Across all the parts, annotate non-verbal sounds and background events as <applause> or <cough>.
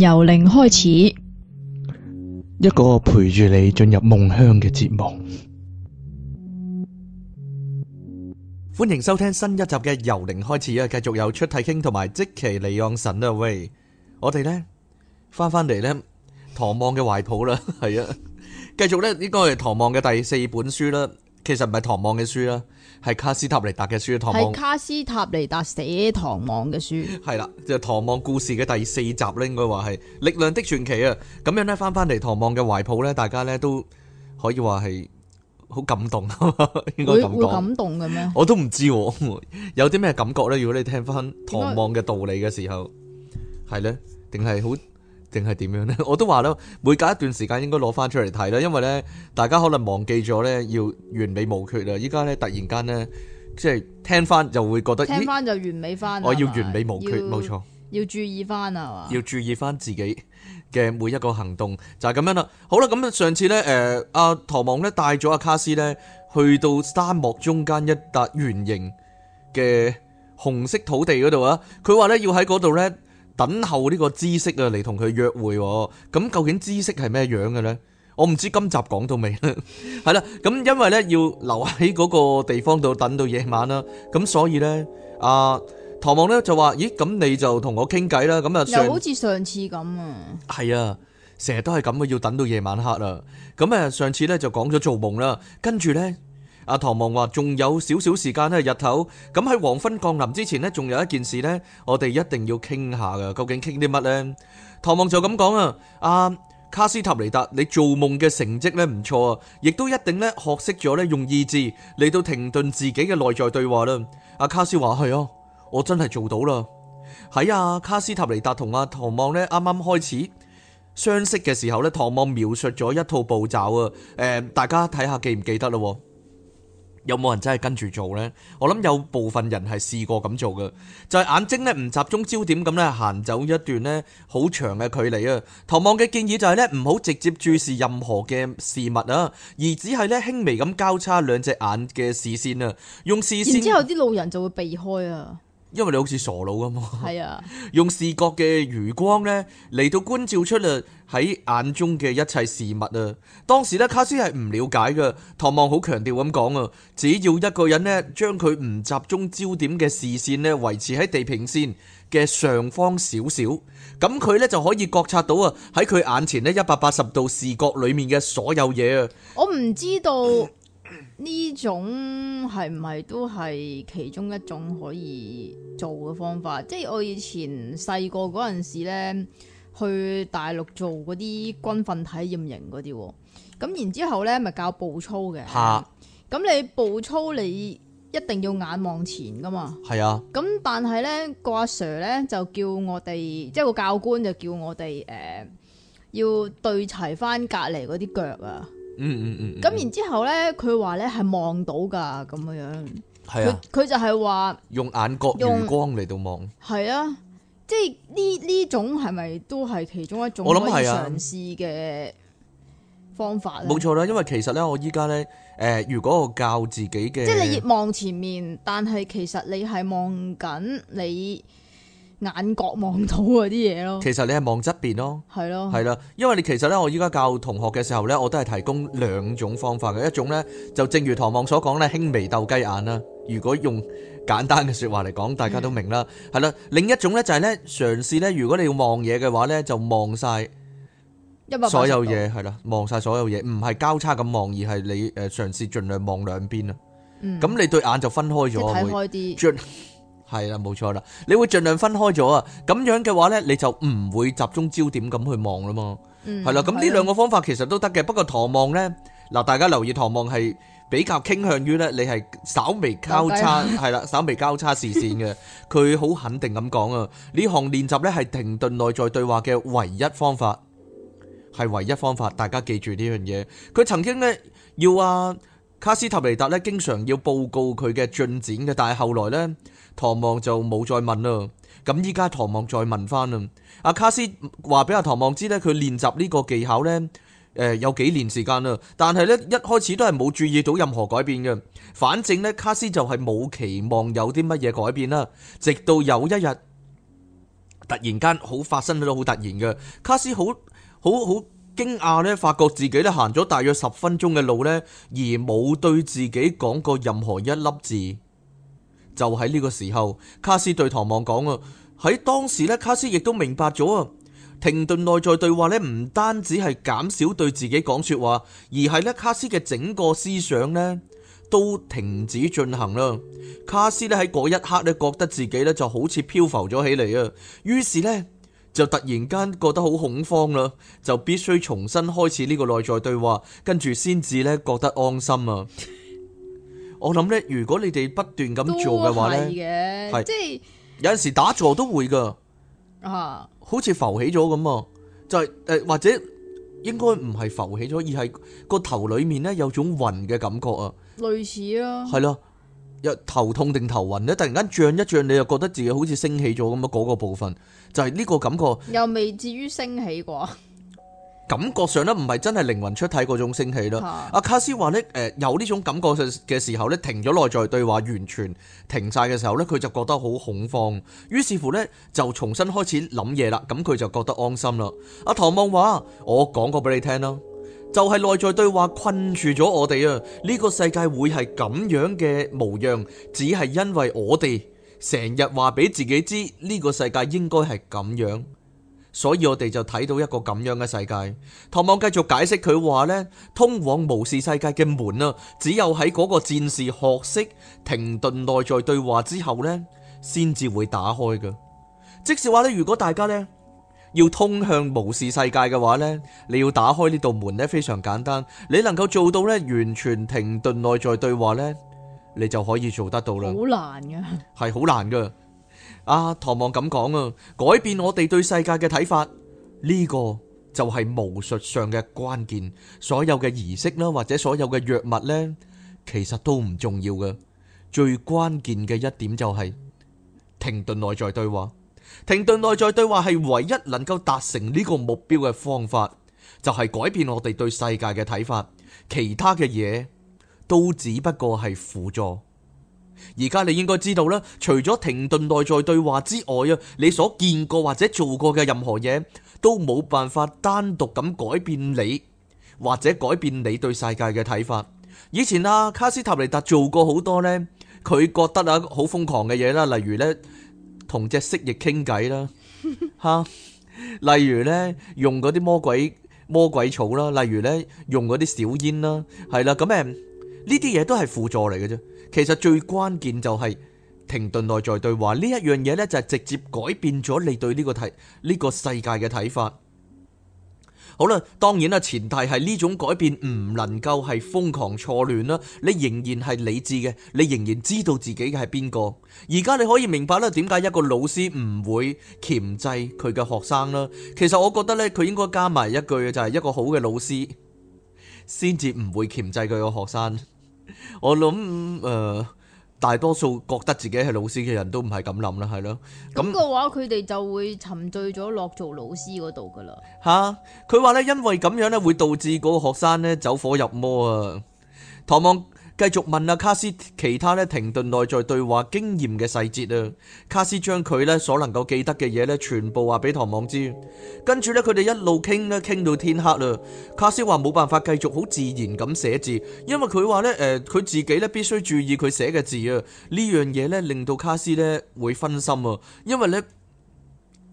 由零開始，一個陪住你進入夢鄉嘅節目。歡迎收聽新一集嘅由零開始啊！繼續有出體傾同埋即期利昂神啦喂，我哋咧翻翻嚟咧唐望嘅懷抱啦，係 <laughs> 啊，繼續咧應該係唐望嘅第四本書啦。其實唔係唐望嘅書啦，係卡斯塔尼達嘅書。唐望係卡斯塔尼達寫唐望嘅書，係啦，就唐望故事嘅第四集咧，應該話係力量的傳奇啊。咁樣咧翻翻嚟，唐望嘅懷抱咧，大家咧都可以話係好感動啊。應該噉講，會會感動嘅咩？我都唔知，有啲咩感覺咧？如果你聽翻唐望嘅道理嘅時候，係咧定係好？定係點樣呢？我都話啦，每隔一段時間應該攞翻出嚟睇啦，因為呢，大家可能忘記咗呢，要完美無缺啊！依家呢，突然間呢，即係聽翻就會覺得，聽翻就完美翻。咦是是我要完美無缺，冇錯要，錯要注意翻啊，要注意翻自己嘅每一個行動，就係、是、咁樣啦。好啦，咁上次呢，誒、呃，阿唐望呢帶咗阿卡斯呢去到沙漠吧中間一笪圓形嘅紅色土地嗰度啊，佢話呢要喺嗰度呢。等候呢個知識啊，嚟同佢約會，咁究竟知識係咩樣嘅咧？我唔知今集講到未咧，係 <laughs> 啦，咁因為咧要留喺嗰個地方度等到夜晚啦，咁所以咧，阿、啊、唐望咧就話：咦，咁你就同我傾偈啦，咁啊上，好似上次咁啊，係啊，成日都係咁啊，要等到夜晚黑啦，咁誒，上次咧就講咗做夢啦，跟住咧。阿唐望話：仲有少少時間咧，日頭咁喺黃昏降臨之前呢，仲有一件事呢，我哋一定要傾下噶。究竟傾啲乜呢？唐望就咁講啊！阿卡斯塔尼達，你做夢嘅成績咧唔錯啊，亦都一定咧學識咗咧用意志嚟到停頓自己嘅內在對話啦。阿卡斯話：係啊，我真係做到啦。喺阿卡斯塔尼達同阿唐望呢啱啱開始相識嘅時候呢，唐望描述咗一套步驟啊。誒、呃，大家睇下記唔記得咯？有冇人真係跟住做呢？我諗有部分人係試過咁做嘅，就係、是、眼睛咧唔集中焦點咁咧行走一段咧好長嘅距離啊。唐望嘅建議就係咧唔好直接注視任何嘅事物啊，而只係咧輕微咁交叉兩隻眼嘅視線啊，用視線。然之後，啲路人就會避開啊。因為你好似傻佬啊嘛，用視覺嘅餘光咧嚟到觀照出啦喺眼中嘅一切事物啊。當時咧卡斯係唔了解㗎。唐望好強調咁講啊，只要一個人咧將佢唔集中焦點嘅視線咧維持喺地平線嘅上方少少，咁佢咧就可以覺察到啊，喺佢眼前呢一百八十度視覺裏面嘅所有嘢啊。我唔知道。呢種係唔係都係其中一種可以做嘅方法？即係我以前細個嗰陣時咧，去大陸做嗰啲軍訓體驗營嗰啲喎。咁然之後呢，咪教步操嘅。咁啥你步操你一定要眼望前噶嘛。係啊。咁但係呢個阿 Sir 呢，那個、就叫我哋，即係個教官就叫我哋誒、呃、要對齊翻隔離嗰啲腳啊。嗯嗯嗯，咁、嗯嗯、然之後咧，佢話咧係望到噶，咁樣樣，係啊，佢就係話用眼角光，用光嚟到望，係啊，即係呢呢種係咪都係其中一種，我諗係啊嘗試嘅方法啊。冇錯啦，因為其實咧我依家咧誒，如果我教自己嘅，即係你望前面，但係其實你係望緊你。眼角望到嗰啲嘢咯，其實你係望側邊咯，係咯，係啦，因為你其實咧，我依家教同學嘅時候咧，我都係提供兩種方法嘅，一種咧就正如唐望所講咧，輕微鬥雞眼啦。如果用簡單嘅説話嚟講，大家都明啦，係啦。另一種咧就係咧，嘗試咧，如果你要望嘢嘅話咧，就望晒所有嘢，係啦，望晒所有嘢，唔係交叉咁望，而係你誒嘗試盡量望兩邊啊。咁你對眼就分開咗，睇開啲。係啦，冇錯啦，你會盡量分開咗啊，咁樣嘅話咧，你就唔會集中焦點咁去望啦嘛，係啦，咁呢兩個方法其實都得嘅，不過唐望咧嗱，大家留意唐望係比較傾向於咧，你係稍微交叉係啦，稍微交叉視線嘅，佢好肯定咁講啊，呢項練習咧係停頓內在對話嘅唯一方法，係唯一方法，大家記住呢樣嘢，佢曾經咧要阿卡斯塔尼達咧經常要報告佢嘅進展嘅，但係後來咧。唐望就冇再問啦。咁依家唐望再問翻啦。阿卡斯話俾阿唐望知呢，佢練習呢個技巧呢，誒有幾年時間啦。但係呢，一開始都係冇注意到任何改變嘅。反正呢，卡斯就係冇期望有啲乜嘢改變啦。直到有一日，突然間好發生都好突然嘅，卡斯好好好驚訝呢，發覺自己呢行咗大約十分鐘嘅路呢，而冇對自己講過任何一粒字。就喺呢個時候，卡斯對唐望講啊，喺當時咧，卡斯亦都明白咗啊。停頓內在對話咧，唔單止係減少對自己講說話，而係咧卡斯嘅整個思想咧都停止進行啦。卡斯咧喺嗰一刻咧，覺得自己咧就好似漂浮咗起嚟，啊，於是呢，就突然間覺得好恐慌啦，就必須重新開始呢個內在對話，跟住先至咧覺得安心啊。我諗咧，如果你哋不斷咁做嘅話咧，係即係有陣時打坐都會噶，啊，好似浮起咗咁啊，就係誒或者應該唔係浮起咗，而係個頭裏面咧有種暈嘅感覺啊，類似咯，係咯，有頭痛定頭暈咧，突然間脹一脹，你又覺得自己好似升起咗咁啊，嗰個部分就係呢個感覺，又未至於升起過。感覺上咧唔係真係靈魂出體嗰種升起咯。阿、啊、卡斯話咧，誒、呃、有呢種感覺嘅時候咧，停咗內在對話，完全停晒嘅時候咧，佢就覺得好恐慌。於是乎咧，就重新開始諗嘢啦，咁佢就覺得安心啦。阿唐望話：我講過俾你聽啦，就係、是、內在對話困住咗我哋啊。呢、這個世界會係咁樣嘅模樣，只係因為我哋成日話俾自己知，呢、這個世界應該係咁樣。所以我哋就睇到一個咁樣嘅世界。唐望繼續解釋佢話呢，通往無視世界嘅門啊，只有喺嗰個戰士學識停頓內在對話之後呢，先至會打開噶。即是話呢，如果大家呢，要通向無視世界嘅話呢，你要打開呢道門呢，非常簡單，你能夠做到呢，完全停頓內在對話呢，你就可以做得到啦。好難噶，係好難噶。啊，唐望咁講啊，改變我哋對世界嘅睇法，呢個就係巫術上嘅關鍵。所有嘅儀式啦，或者所有嘅藥物呢，其實都唔重要嘅。最關鍵嘅一點就係停頓內在對話。停頓內在對話係唯一能夠達成呢個目標嘅方法，就係改變我哋對世界嘅睇法。其他嘅嘢都只不過係輔助。而家你應該知道啦，除咗停頓內在對話之外啊，你所見過或者做過嘅任何嘢，都冇辦法單獨咁改變你，或者改變你對世界嘅睇法。以前啊，卡斯塔尼達做過好多呢，佢覺得啊好瘋狂嘅嘢啦，例如呢，同隻蜥蜴傾偈啦，吓， <laughs> 例如呢，用嗰啲魔鬼魔鬼草啦，例如呢，用嗰啲小煙啦，係啦，咁誒呢啲嘢都係輔助嚟嘅啫。其實最關鍵就係停頓內在對話呢一樣嘢呢，就係直接改變咗你對呢個睇呢、呢個世界嘅睇法。好啦，當然啦，前提係呢種改變唔能夠係瘋狂錯亂啦，你仍然係理智嘅，你仍然知道自己係邊個。而家你可以明白啦，點解一個老師唔會鉗制佢嘅學生啦？其實我覺得呢，佢應該加埋一句就係、是、一個好嘅老師，先至唔會鉗制佢嘅學生。我諗誒、呃，大多數覺得自己係老師嘅人都唔係咁諗啦，係咯。咁嘅話，佢哋就會沉醉咗落做老師嗰度噶啦。吓、啊，佢話咧，因為咁樣咧會導致嗰個學生咧走火入魔啊。唐望。繼續問阿卡斯其他咧，停頓內在對話經驗嘅細節啊。卡斯將佢咧所能夠記得嘅嘢咧，全部話俾唐望知。跟住咧，佢哋一路傾咧，傾到天黑啦。卡斯話冇辦法繼續好自然咁寫字，因為佢話咧，誒、呃，佢自己咧必須注意佢寫嘅字啊。呢樣嘢咧令到卡斯咧會分心啊，因為咧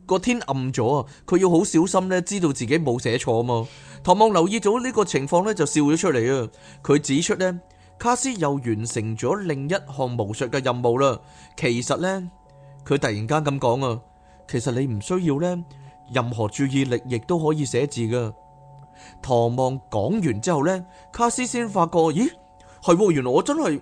個天暗咗啊，佢要好小心咧，知道自己冇寫錯啊嘛。唐望留意到呢個情況咧，就笑咗出嚟啊。佢指出咧，卡斯又完成咗另一項巫術嘅任務啦。其實呢，佢突然間咁講啊，其實你唔需要呢任何注意力，亦都可以寫字噶。唐望講完之後呢，卡斯先發覺，咦，係喎，原來我真係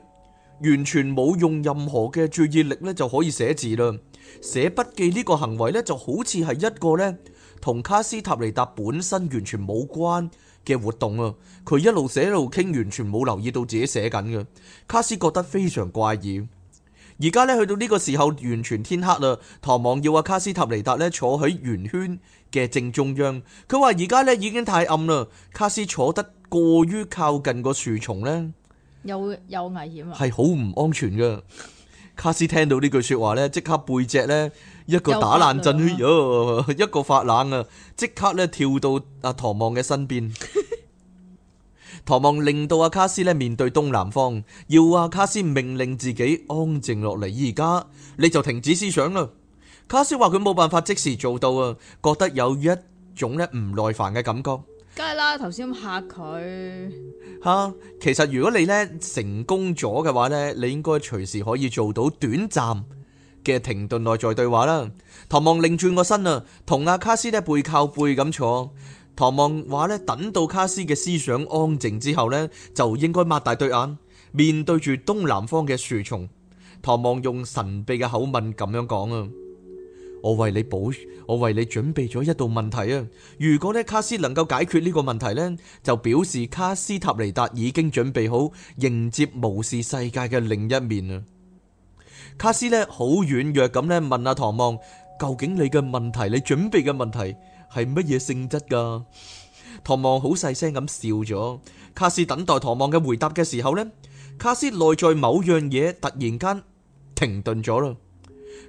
完全冇用任何嘅注意力呢就可以寫字啦。寫筆記呢個行為呢就好似係一個呢同卡斯塔尼達本身完全冇關。嘅活動啊，佢一路寫一路傾，完全冇留意到自己寫緊嘅。卡斯覺得非常怪異。而家呢，去到呢個時候，完全天黑啦。唐望要阿卡斯塔尼達呢坐喺圓圈嘅正中央。佢話而家呢已經太暗啦，卡斯坐得過於靠近個樹叢呢，有有危險啊，係好唔安全噶。卡斯聽到呢句說話咧，即刻背脊咧一個打冷震，哎喲，一個發冷啊！即刻咧跳到阿唐望嘅身邊。唐望令到阿卡斯咧面對東南方，要阿卡斯命令自己安靜落嚟。而家你就停止思想啦。卡斯話佢冇辦法即時做到啊，覺得有一種咧唔耐煩嘅感覺。梗係啦，頭先吓佢。吓、啊，其實如果你咧成功咗嘅話咧，你應該隨時可以做到短暫嘅停頓內在對話啦。唐望擰轉個身啊，同阿卡斯咧背靠背咁坐。唐望話咧，等到卡斯嘅思想安靜之後咧，就應該擘大對眼面對住東南方嘅樹叢。唐望用神秘嘅口吻咁樣講。我為你保，我為你準備咗一道問題啊！如果咧卡斯能夠解決呢個問題咧，就表示卡斯塔尼達已經準備好迎接巫士世界嘅另一面啊。卡斯咧好軟弱咁咧問阿唐望：究竟你嘅問題，你準備嘅問題係乜嘢性質㗎？唐望好細聲咁笑咗。卡斯等待唐望嘅回答嘅時候咧，卡斯內在某樣嘢突然間停頓咗啦。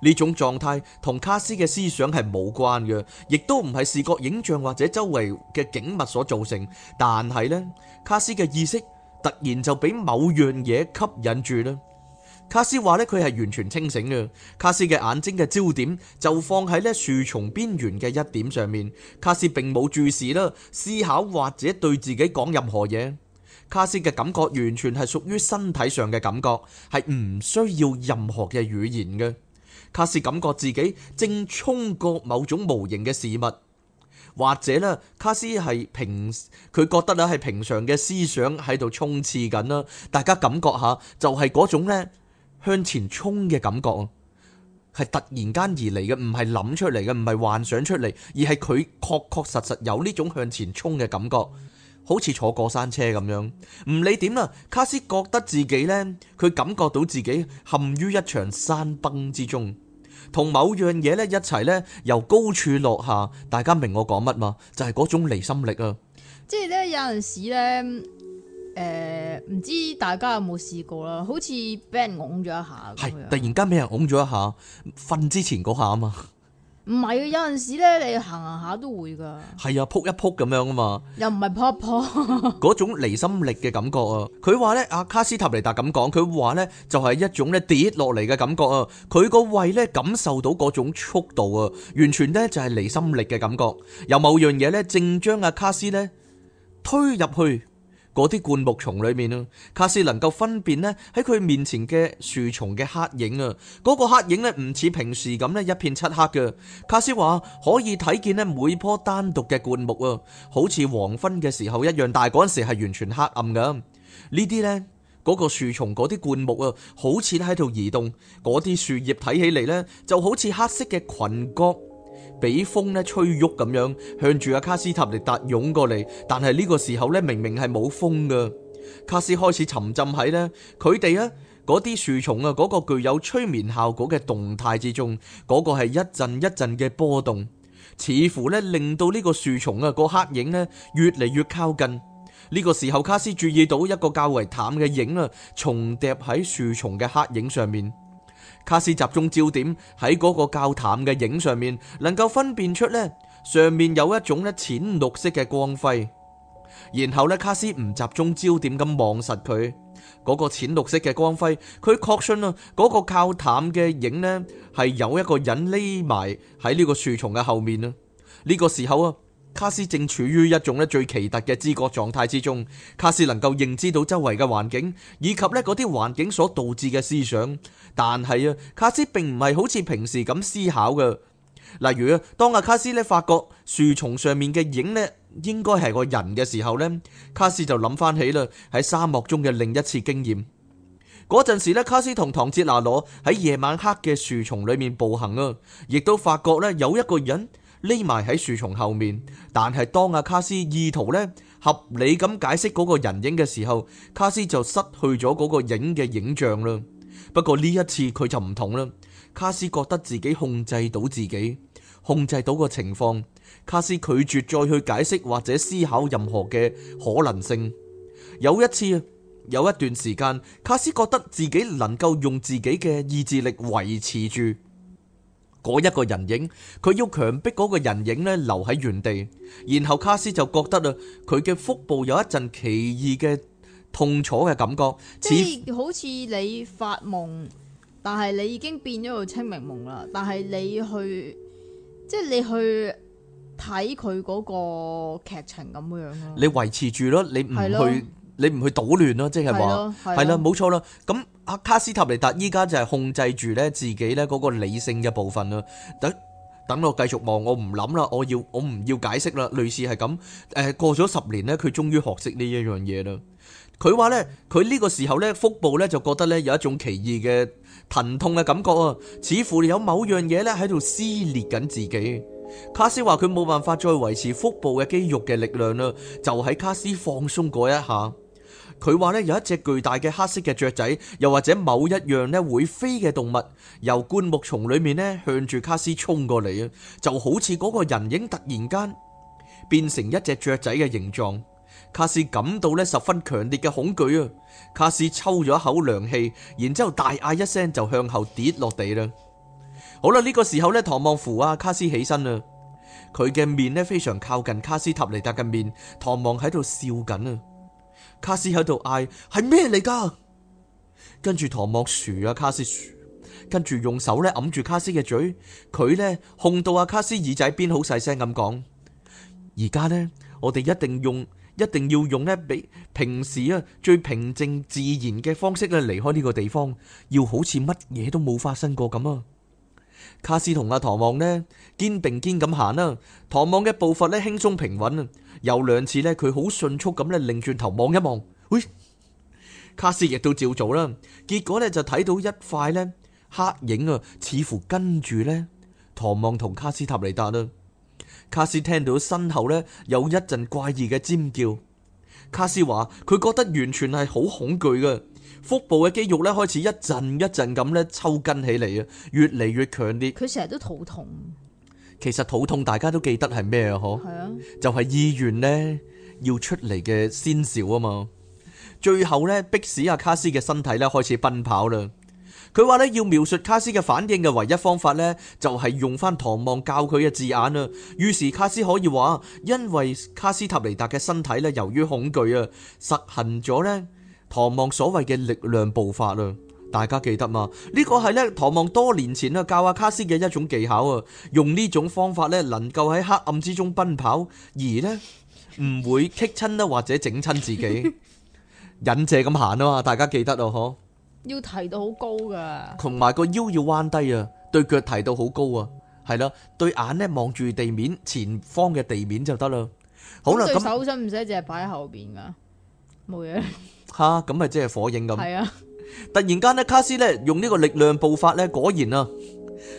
呢種狀態同卡斯嘅思想係冇關嘅，亦都唔係視覺影像或者周圍嘅景物所造成。但係呢，卡斯嘅意識突然就俾某樣嘢吸引住啦。卡斯話呢，佢係完全清醒嘅。卡斯嘅眼睛嘅焦點就放喺呢樹叢邊緣嘅一點上面。卡斯並冇注視啦，思考或者對自己講任何嘢。卡斯嘅感覺完全係屬於身體上嘅感覺，係唔需要任何嘅語言嘅。卡斯感覺自己正衝過某種無形嘅事物，或者呢，卡斯係平佢覺得呢係平常嘅思想喺度衝刺緊啦。大家感覺下，就係嗰種呢向前衝嘅感覺啊，係突然間而嚟嘅，唔係諗出嚟嘅，唔係幻想出嚟，而係佢確確實實有呢種向前衝嘅感覺，好似坐過山車咁樣。唔理點啦，卡斯覺得自己呢，佢感覺到自己陷於一場山崩之中。同某樣嘢咧一齊咧由高處落下，大家明我講乜嘛？就係、是、嗰種離心力啊！即係咧有陣時咧，誒、呃，唔知大家有冇試過啦？好似俾人㧬咗一下，係突然間俾人㧬咗一下，瞓之前嗰下啊嘛～ <laughs> 唔係啊，有陣時咧，你行行下都會噶。係啊，撲一撲咁樣啊嘛。又唔係撲一撲。嗰 <laughs> 種離心力嘅感覺啊，佢話咧，阿卡斯塔尼達咁講，佢話咧就係一種咧跌落嚟嘅感覺啊，佢個胃咧感受到嗰種速度啊，完全咧就係離心力嘅感覺，有某樣嘢咧正將阿卡斯咧推入去。嗰啲灌木叢裏面啊，卡斯能夠分辨咧喺佢面前嘅樹叢嘅黑影啊，嗰個黑影咧唔似平時咁咧一片漆黑嘅，卡斯話可以睇見咧每棵單獨嘅灌木啊，好似黃昏嘅時候一樣，但嗰陣時係完全黑暗噶。呢啲呢，嗰個樹叢嗰啲灌木啊，好似喺度移動，嗰啲樹葉睇起嚟呢就好似黑色嘅裙角。俾風咧吹喐咁樣向住阿卡斯塔尼達湧過嚟，但係呢個時候咧明明係冇風噶。卡斯開始沉浸喺呢，佢哋啊嗰啲樹叢啊嗰個具有催眠效果嘅動態之中，嗰、嗰個係一陣一陣嘅波動，似乎咧令到呢個樹叢啊個黑影呢越嚟越靠近。呢、呢個時候卡斯注意到一個較為淡嘅影啊重疊喺樹叢嘅黑影上面。卡斯集中焦點喺嗰個較淡嘅影上面，能夠分辨出咧上面有一種咧淺綠色嘅光輝。然後咧，卡斯唔集中焦點咁望實佢嗰個淺綠色嘅光輝，佢確信啊嗰個較淡嘅影咧係有一個人匿埋喺呢個樹叢嘅後面啊！呢個時候啊。卡斯正處於一種咧最奇特嘅知覺狀態之中，卡斯能夠認知到周圍嘅環境以及咧嗰啲環境所導致嘅思想，但係啊，卡斯並唔係好似平時咁思考噶。例如啊，當阿卡斯咧發覺樹叢上面嘅影咧應該係個人嘅時候呢，卡斯就諗翻起啦喺沙漠中嘅另一次經驗。嗰陣時呢，卡斯同唐哲拿羅喺夜晚黑嘅樹叢裏面步行啊，亦都發覺呢有一個人。匿埋喺樹叢後面，但係當阿卡斯意圖呢合理咁解釋嗰個人影嘅時候，卡斯就失去咗嗰個影嘅影像啦。不過呢一次佢就唔同啦，卡斯覺得自己控制到自己，控制到個情況。卡斯拒絕再去解釋或者思考任何嘅可能性。有一次，有一段時間，卡斯覺得自己能夠用自己嘅意志力維持住。嗰一個人影，佢要強迫嗰個人影呢留喺原地，然後卡斯就覺得啊，佢嘅腹部有一陣奇異嘅痛楚嘅感覺，即係好似你發夢，但係你已經變咗個清明夢啦，但係你去，即係你去睇佢嗰個劇情咁樣咯，你維持住咯，你唔去。你唔去搗亂咯，即係話係啦，冇錯啦。咁阿卡斯塔尼達依家就係控制住咧自己咧嗰個理性嘅部分咯。等等我繼續望，我唔諗啦，我要我唔要解釋啦。類似係咁，誒過咗十年咧，佢終於學識呢一樣嘢啦。佢話咧，佢呢個時候咧腹部咧就覺得咧有一種奇異嘅疼痛嘅感覺啊，似乎有某樣嘢咧喺度撕裂緊自己。卡斯話佢冇辦法再維持腹部嘅肌肉嘅力量啦，就喺卡斯放鬆嗰一下。佢話咧有一隻巨大嘅黑色嘅雀仔，又或者某一樣咧會飛嘅動物，由灌木叢裏面咧向住卡斯衝過嚟啊！就好似嗰個人影突然間變成一隻雀仔嘅形狀，卡斯感到咧十分強烈嘅恐懼啊！卡斯抽咗一口涼氣，然之後大嗌一聲就向後跌落地啦。好啦，呢個時候呢，唐望扶阿卡斯起身啦，佢嘅面呢，非常靠近卡斯塔尼達嘅面，唐望喺度笑緊啊！卡斯喺度嗌：係咩嚟噶？跟住唐望薯啊，卡斯薯跟住用手咧揞住卡斯嘅嘴，佢呢控到阿卡斯耳仔邊，好細聲咁講：而家呢，我哋一定要用，一定要用呢比平時啊最平靜自然嘅方式咧離開呢個地方，要好似乜嘢都冇發生過咁啊！卡斯同阿唐望呢肩並肩咁行啦。唐望嘅步伐呢輕鬆平穩啊。有兩次呢佢好迅速咁咧，擰轉頭望一望，喂、哎，卡斯亦都照做啦。結果呢，就睇到一塊呢黑影啊，似乎跟住呢唐望同卡斯塔尼達啦。卡斯聽到身後呢有一陣怪異嘅尖叫。卡斯話佢覺得完全係好恐懼嘅，腹部嘅肌肉呢，開始一陣一陣咁咧抽筋起嚟啊，越嚟越強烈。佢成日都肚痛。其實肚痛大家都記得係咩啊？嗬，係啊，就係意願呢要出嚟嘅先兆啊嘛。最後呢，迫使阿卡斯嘅身體呢開始奔跑啦。佢話呢，要描述卡斯嘅反應嘅唯一方法呢，就係用翻唐望教佢嘅字眼啦。於是卡斯可以話，因為卡斯塔尼達嘅身體呢由於恐懼啊，實行咗呢唐望所謂嘅力量步法啦。大家記得嘛？呢個係咧，唐望多年前啊教阿卡斯嘅一種技巧啊，用呢種方法咧，能夠喺黑暗之中奔跑，而咧唔會棘親啦或者整親自己，忍者咁行啊嘛！大家記得哦，嗬。要提到好高噶，同埋個腰要彎低啊，對腳提到好高啊，係啦，對眼咧，望住地面前方嘅地面就得啦。好啦，咁手心唔使淨係擺喺後邊噶，冇嘢。吓，咁咪即係火影咁？係啊。突然間呢，卡斯咧用呢個力量步伐咧，果然啊，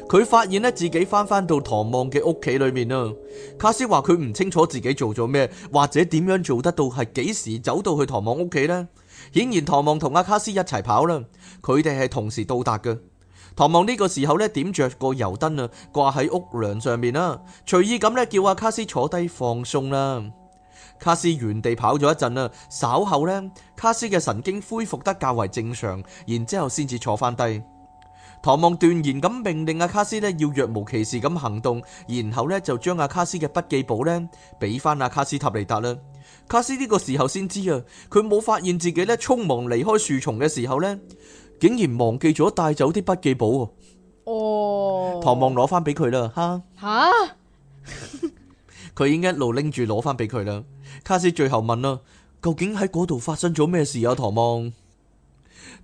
佢發現呢自己翻返到唐望嘅屋企裏面啊。卡斯話佢唔清楚自己做咗咩，或者點樣做得到係幾時走到去唐望屋企呢？顯然唐望同阿卡斯一齊跑啦，佢哋係同時到達嘅。唐望呢個時候呢點着個油燈啊，掛喺屋樑上面啦，隨意咁呢叫阿卡斯坐低放鬆啦。卡斯原地跑咗一陣啦，稍後咧，卡斯嘅神經恢復得較為正常，然之後先至坐翻低。唐望斷然咁命令阿卡斯咧，要若無其事咁行動，然後咧就將阿卡斯嘅筆記簿咧俾翻阿卡斯塔尼達啦。卡斯呢個時候先知啊，佢冇發現自己咧匆忙離開樹叢嘅時候咧，竟然忘記咗帶走啲筆記簿。哦，唐望攞翻俾佢啦，吓吓，佢已經一路拎住攞翻俾佢啦。卡斯最後問啦，究竟喺嗰度發生咗咩事啊？唐望，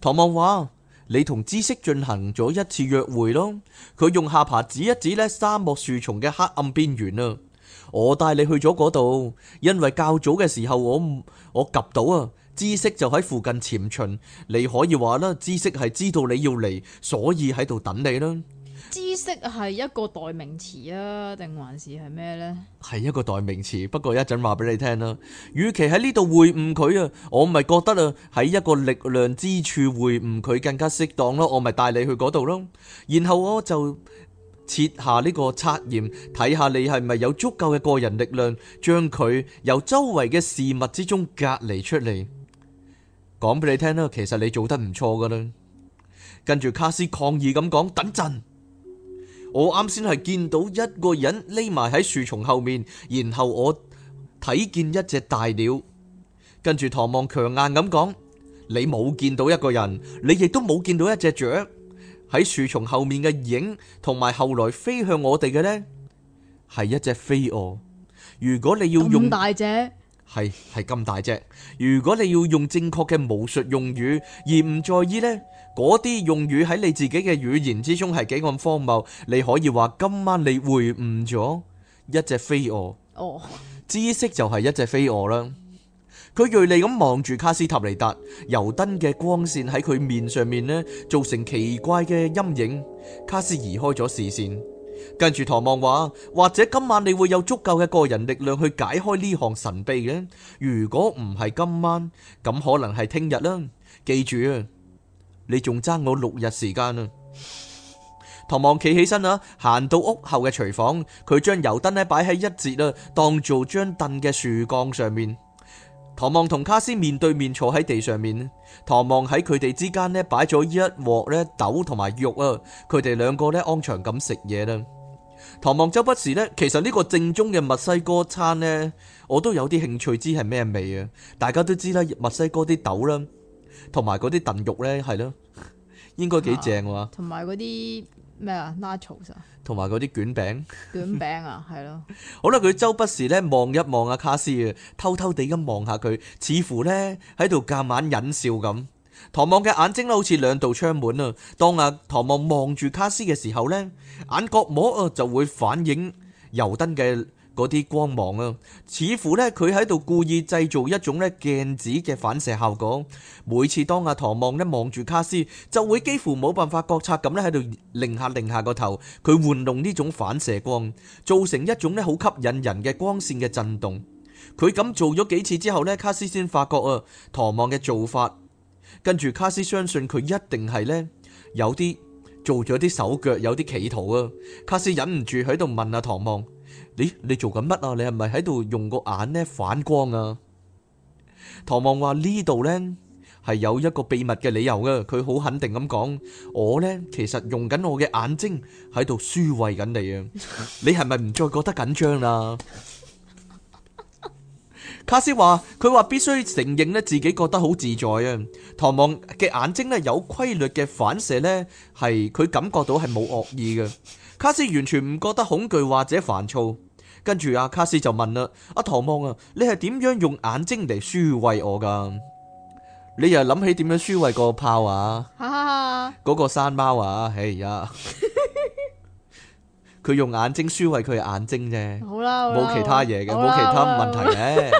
唐望話：你同知識進行咗一次約會咯。佢用下巴指一指咧沙漠樹叢嘅黑暗邊緣啊。我帶你去咗嗰度，因為較早嘅時候我我及到啊。知識就喺附近潛巡。你可以話啦，知識係知道你要嚟，所以喺度等你啦。知識係一個代名詞啊，定還是係咩呢？係一個代名詞，不過一陣話俾你聽啦。與其喺呢度會晤佢啊，我咪覺得啊，喺一個力量之處會晤佢更加適當咯。我咪帶你去嗰度咯。然後我就設下呢個測驗，睇下你係咪有足夠嘅個人力量，將佢由周圍嘅事物之中隔離出嚟。講俾你聽啦，其實你做得唔錯噶啦。跟住卡斯抗議咁講，等陣。我啱先係見到一個人匿埋喺樹叢後面，然後我睇見一隻大鳥。跟住唐望強硬咁講：你冇見到一個人，你亦都冇見到一隻雀喺樹叢後面嘅影，同埋後來飛向我哋嘅呢，係一隻飛蛾。如果你要用大隻，係係咁大隻。如果你要用正確嘅巫術用語而唔在意呢。嗰啲用語喺你自己嘅語言之中係幾咁荒謬，你可以話今晚你會誤咗一隻飛蛾，知識就係一隻飛蛾啦。佢銳利咁望住卡斯塔尼達，油燈嘅光線喺佢面上面呢，造成奇怪嘅陰影。卡斯移開咗視線，跟住唐望話：或者今晚你會有足夠嘅個人力量去解開呢項神秘嘅，如果唔係今晚，咁可能係聽日啦。記住啊。你仲爭我六日時間啊！唐望企起身啊，行到屋後嘅廚房，佢將油燈呢擺喺一截啊，當做張凳嘅樹幹上面。唐望同卡斯面對面坐喺地上面，唐望喺佢哋之間呢擺咗一鑊呢豆同埋肉啊，佢哋兩個呢安詳咁食嘢啦。唐望周不時呢，其實呢個正宗嘅墨西哥餐呢，我都有啲興趣知係咩味啊！大家都知啦，墨西哥啲豆啦。同埋嗰啲燉肉咧，係咯，應該幾正喎！同埋嗰啲咩啊，拉槽實。同埋嗰啲卷餅。卷餅啊，係咯。 <laughs> 好啦，佢周不時咧望一望阿卡斯啊，偷偷地咁望下佢，似乎咧喺度夾硬忍笑咁。唐望嘅眼睛咧，好似兩道窗門啊！當阿唐望望住卡斯嘅時候咧，眼角膜啊就會反映油燈嘅嗰啲光芒啊，似乎呢佢喺度故意製造一種呢鏡子嘅反射效果。每次當阿唐望呢望住卡斯，就會幾乎冇辦法覺察咁呢喺度擰下擰下個頭，佢玩弄呢種反射光，造成一種呢好吸引人嘅光線嘅震動。佢咁做咗幾次之後呢，卡斯先發覺啊，唐望嘅做法。跟住卡斯相信佢一定係呢有啲做咗啲手腳，有啲企圖啊。卡斯忍唔住喺度問阿唐望。你你做緊乜啊？你係咪喺度用個眼呢反光啊？唐望話呢度呢係有一個秘密嘅理由嘅，佢好肯定咁講。我呢其實用緊我嘅眼睛喺度舒慰緊你啊！你係咪唔再覺得緊張啦？ <laughs> 卡斯話佢話必須承認呢自己覺得好自在啊！唐望嘅眼睛呢有規律嘅反射呢，係佢感覺到係冇惡意嘅。卡斯完全唔覺得恐懼或者煩躁。跟住阿卡斯就問啦：阿唐望啊，你係點樣用眼睛嚟舒慰我噶？你又諗起點樣舒慰個炮啊？嗰個山貓啊，哎呀，佢用眼睛舒慰佢嘅眼睛啫，好啦，冇其他嘢嘅，冇其他問題嘅。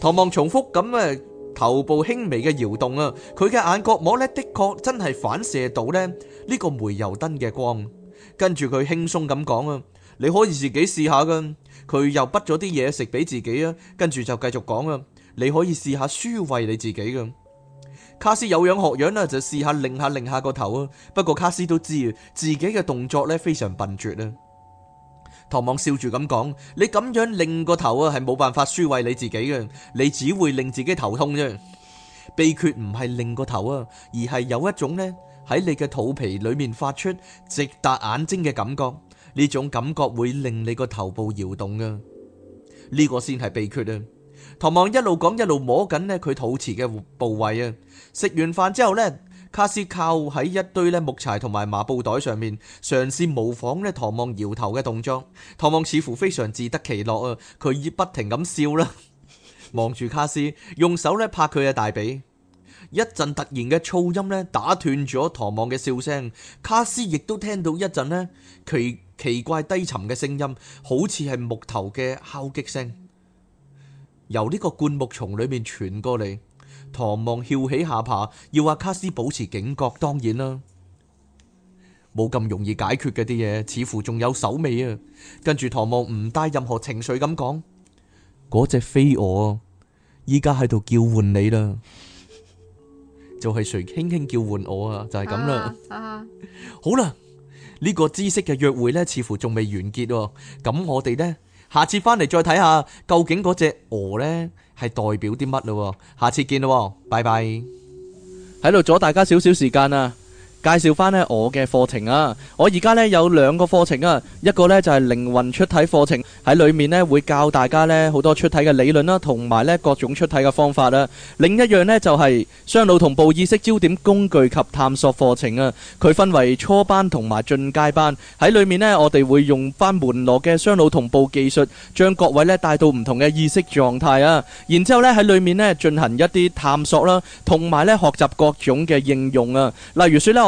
唐望重複咁啊，頭部輕微嘅搖動啊，佢嘅眼角膜咧的確真係反射到咧呢個煤油燈嘅光。跟住佢輕鬆咁講啊。你可以自己試下噶，佢又擘咗啲嘢食俾自己啊，跟住就繼續講啊。你可以試下舒慰你自己噶。卡斯有樣學樣啊，就試下擰下擰下個頭啊。不過卡斯都知自己嘅動作呢非常笨拙啊。唐望笑住咁講：「你咁樣擰個頭啊，係冇辦法舒慰你自己嘅，你只會令自己頭痛啫。秘訣唔係擰個頭啊，而係有一種呢，喺你嘅肚皮裏面發出直達眼睛嘅感覺。呢種感覺會令你個頭部搖動噶，呢個先係秘訣啊！唐望一路講一路摸緊呢佢肚臍嘅部位啊！食完飯之後呢，卡斯靠喺一堆呢木柴同埋麻布袋上面，嘗試模仿呢唐望搖頭嘅動作。唐望似乎非常自得其樂啊！佢亦不停咁笑啦，望住卡斯，用手呢拍佢嘅大髀。一陣突然嘅噪音呢打斷咗唐望嘅笑聲，卡斯亦都聽到一陣呢，佢。奇怪低沉嘅聲音，好似係木頭嘅敲擊聲，由呢個灌木叢裏面傳過嚟。唐望翹起下巴，要阿卡斯保持警覺。當然啦，冇咁容易解決嘅啲嘢，似乎仲有手尾啊。跟住唐望唔帶任何情緒咁講：嗰隻飛蛾依家喺度叫喚你啦，就係誰輕輕叫喚我啊？就係咁啦。好啦。呢個知識嘅約會咧，似乎仲未完結喎。咁我哋呢，下次翻嚟再睇下，究竟嗰隻蛾呢係代表啲乜咯？下次見咯，拜拜。喺度阻大家少少時間啊！介紹翻呢我嘅課程啊！我而家呢有兩個課程啊，一個呢就係靈魂出體課程，喺裏面呢會教大家呢好多出體嘅理論啦，同埋呢各種出體嘅方法啦。另一樣呢就係雙腦同步意識焦點工具及探索課程啊。佢分為初班同埋進階班，喺裏面呢我哋會用返門羅嘅雙腦同步技術，將各位呢帶到唔同嘅意識狀態啊。然之後呢喺裏面呢進行一啲探索啦，同埋呢學習各種嘅應用啊。例如説呢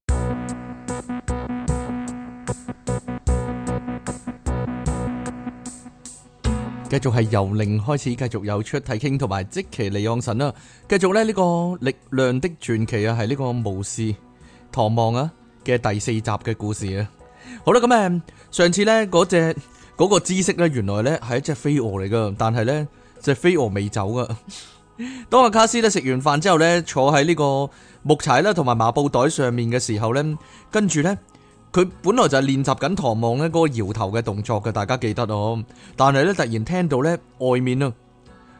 繼續係由零開始，繼續有出睇傾，同埋即奇利昂神啊！繼續咧、這、呢個力量的傳奇啊，係呢、這個巫師唐望啊嘅第四集嘅故事啊！好啦，咁誒，上次咧嗰隻嗰個知識咧，原來咧係一隻飛蛾嚟噶，但係咧隻飛蛾未走噶。 <laughs> 當阿卡斯咧食完飯之後咧，坐喺呢個木柴啦同埋麻布袋上面嘅時候咧，跟住咧。佢本來就係練習緊唐望咧嗰個搖頭嘅動作嘅，大家記得哦。但係咧突然聽到咧外面啊，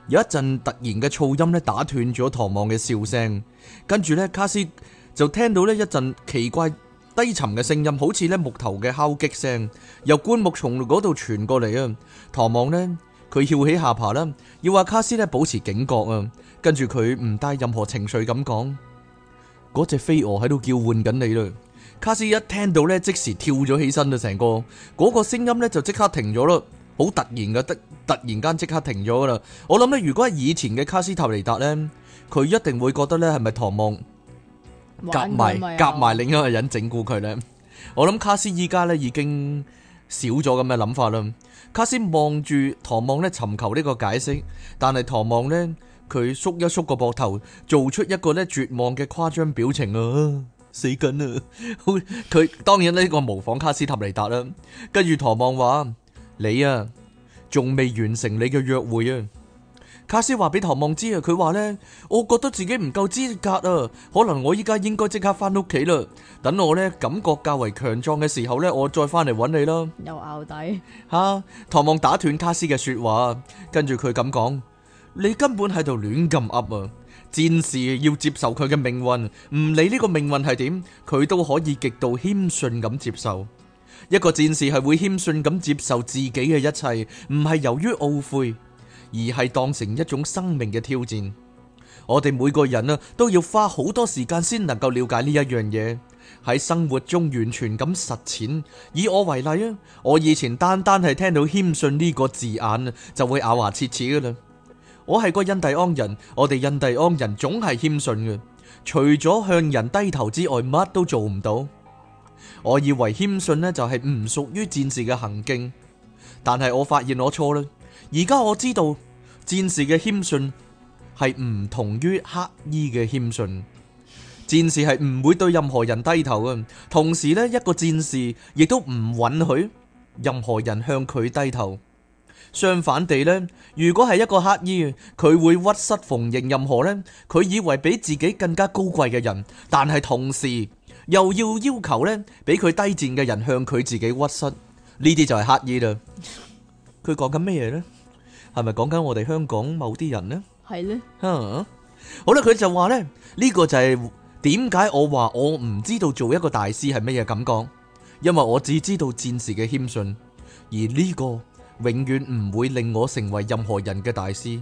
有一陣突然嘅噪音咧打斷咗唐望嘅笑聲，跟住咧卡斯就聽到呢一陣奇怪低沉嘅聲音，好似咧木頭嘅敲擊聲由棺木叢度傳過嚟啊。唐望呢，佢翹起下巴啦，要話卡斯咧保持警覺啊。跟住佢唔帶任何情緒咁講，嗰隻飛蛾喺度叫喚緊你啦。卡斯一聽到咧，即時跳咗起身啦，成個嗰、嗰個聲音咧就即刻停咗咯，好突然嘅，突突然間即刻停咗噶啦。我諗咧，如果係以前嘅卡斯塔尼達咧，佢一定會覺得咧係咪唐望夾埋夾埋另一個人整蠱佢咧？我諗卡斯依家咧已經少咗咁嘅諗法啦。卡斯望住唐望咧尋求呢個解釋，但係唐望咧佢縮一縮個膊頭，做出一個咧絕望嘅誇張表情啊！死緊啊！佢 <laughs> 當然呢個模仿卡斯塔尼達啦，跟住唐望話：你啊，仲未完成你嘅約會啊！卡斯話俾唐望知啊，佢話呢：「我覺得自己唔夠資格啊，可能我依家應該即刻翻屋企啦。等我呢感覺較為強壯嘅時候呢，我再翻嚟揾你囉。」又拗底吓！啊、唐望打斷卡斯嘅說話，跟住佢咁講：你根本喺度亂咁噏啊！戰士要接受佢嘅命運，唔理呢個命運係點，佢都可以極度謙遜咁接受。一個戰士係會謙遜咁接受自己嘅一切，唔係由於懊悔，而係當成一種生命嘅挑戰。我哋每個人啊，都要花好多時間先能夠了解呢一樣嘢，喺生活中完全咁實踐。以我為例啊，我以前單單係聽到謙遜呢個字眼就會咬牙切齒㗎喇。我係個印第安人，我哋印第安人總係謙遜嘅，除咗向人低頭之外，乜都做唔到。我以為謙遜呢就係唔屬於戰士嘅行徑，但係我發現我錯啦。而家我知道戰士嘅謙遜係唔同於黑衣嘅謙遜。戰士係唔會對任何人低頭啊，同時呢一個戰士亦都唔允許任何人向佢低頭。相反地呢，如果係一個乞兒，佢會屈膝逢迎任何呢佢以為比自己更加高貴嘅人，但係同時又要要求呢比佢低賤嘅人向佢自己屈膝，呢啲就係乞兒啦。佢講緊咩嘢呢？係咪講緊我哋香港某啲人呢？係呢？嗯， <laughs> 好啦，佢就話呢，呢個就係點解我話我唔知道做一個大師係咩嘢感覺，因為我只知道戰士嘅謙遜，而呢個。永遠唔會令我成為任何人嘅大師。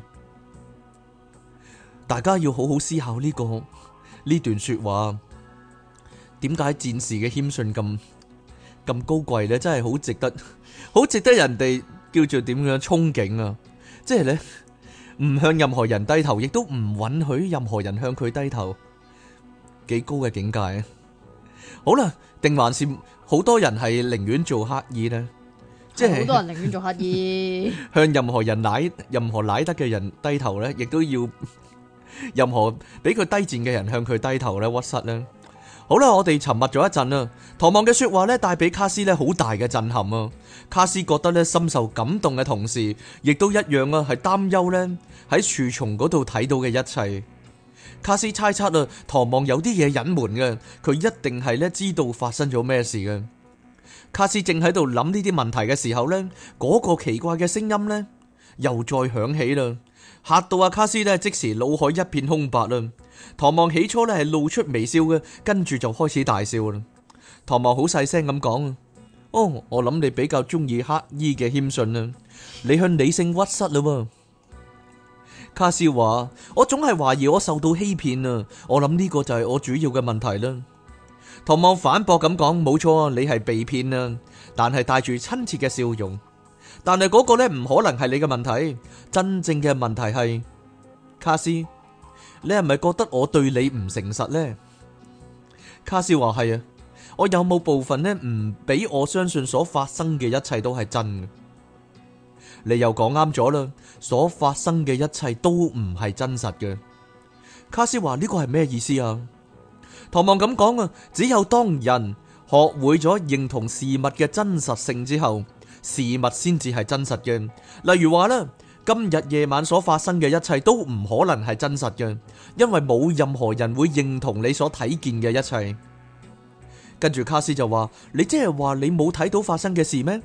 大家要好好思考呢個呢段說話，點解戰士嘅謙遜咁咁高貴呢？真係好值得，好值得人哋叫做點樣憧憬啊！即係呢，唔向任何人低頭，亦都唔允許任何人向佢低頭。幾高嘅境界啊！好啦，定還是好多人係寧願做乞兒呢？即係好多人寧願做乞衣， <laughs> 向任何人奶任何奶得嘅人低頭咧，亦都要呵呵任何俾佢低賤嘅人向佢低頭咧屈膝咧。好啦，我哋沉默咗一陣啦。唐望嘅說話咧，帶俾卡斯咧好大嘅震撼啊！卡斯覺得咧深受感動嘅同時，亦都一樣啊係擔憂咧喺樹叢嗰度睇到嘅一切。卡斯猜測啊，唐望有啲嘢隱瞞嘅，佢一定係咧知道發生咗咩事嘅。卡斯正喺度諗呢啲問題嘅時候呢，嗰個奇怪嘅聲音呢又再響起啦，嚇到阿卡斯呢，即時腦海一片空白啦。唐望起初呢，係露出微笑嘅，跟住就開始大笑啦。唐望好細聲咁講：哦，我諗你比較中意黑衣嘅謙遜啦，你向理性屈膝啦。卡斯話：我總係懷疑我受到欺騙啊，我諗呢個就係我主要嘅問題啦。唐望反駁咁講：冇錯，你係被騙啊，但係帶住親切嘅笑容。但係嗰個呢，唔可能係你嘅問題，真正嘅問題係卡斯，你係咪覺得我對你唔誠實呢？卡斯話，係啊，我有冇部分呢？唔俾我相信所發生嘅一切都係真嘅？你又講啱咗啦，所發生嘅一切都唔係真實嘅。卡斯話，呢個係咩意思啊？唐望咁講啊，只有當人學會咗認同事物嘅真實性之後，事物先至係真實嘅。例如話咧，今日夜晚所發生嘅一切都唔可能係真實嘅，因為冇任何人會認同你所睇見嘅一切。跟住卡斯就話：你即係話你冇睇到發生嘅事咩？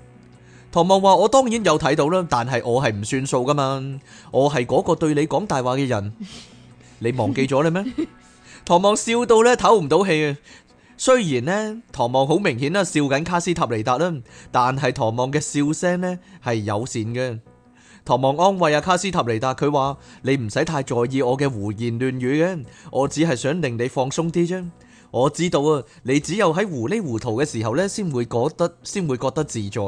唐望話：我當然有睇到啦，但係我係唔算數噶嘛，我係嗰個對你講大話嘅人，你忘記咗嘞咩？ <laughs> 唐望笑到咧，唞唔到氣啊！雖然呢，唐望好明顯啦，笑緊卡斯塔尼達啦，但係唐望嘅笑聲呢係友善嘅。唐望安慰阿卡斯塔尼達，佢話：你唔使太在意我嘅胡言亂語嘅，我只係想令你放鬆啲啫。我知道啊，你只有喺糊裡糊塗嘅時候呢，先會覺得先會覺得自在。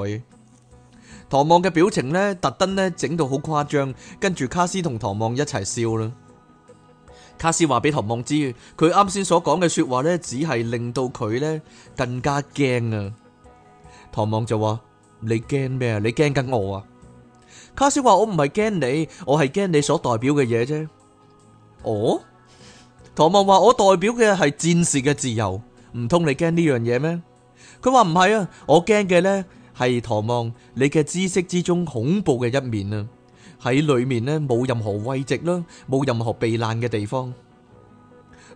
唐望嘅表情呢，特登呢整到好誇張，跟住卡斯同唐望一齊笑啦。卡斯話俾唐望知，佢啱先所講嘅說話呢，只係令到佢呢更加驚啊！唐望就話：你驚咩啊？你驚緊我啊？卡斯話：我唔係驚你，我係驚你所代表嘅嘢啫。哦，唐望話：我代表嘅係戰士嘅自由，唔通你驚呢樣嘢咩？佢話唔係啊，我驚嘅呢係唐望你嘅知識之中恐怖嘅一面啊！喺裏面呢，冇任何慰藉啦，冇任何避難嘅地方。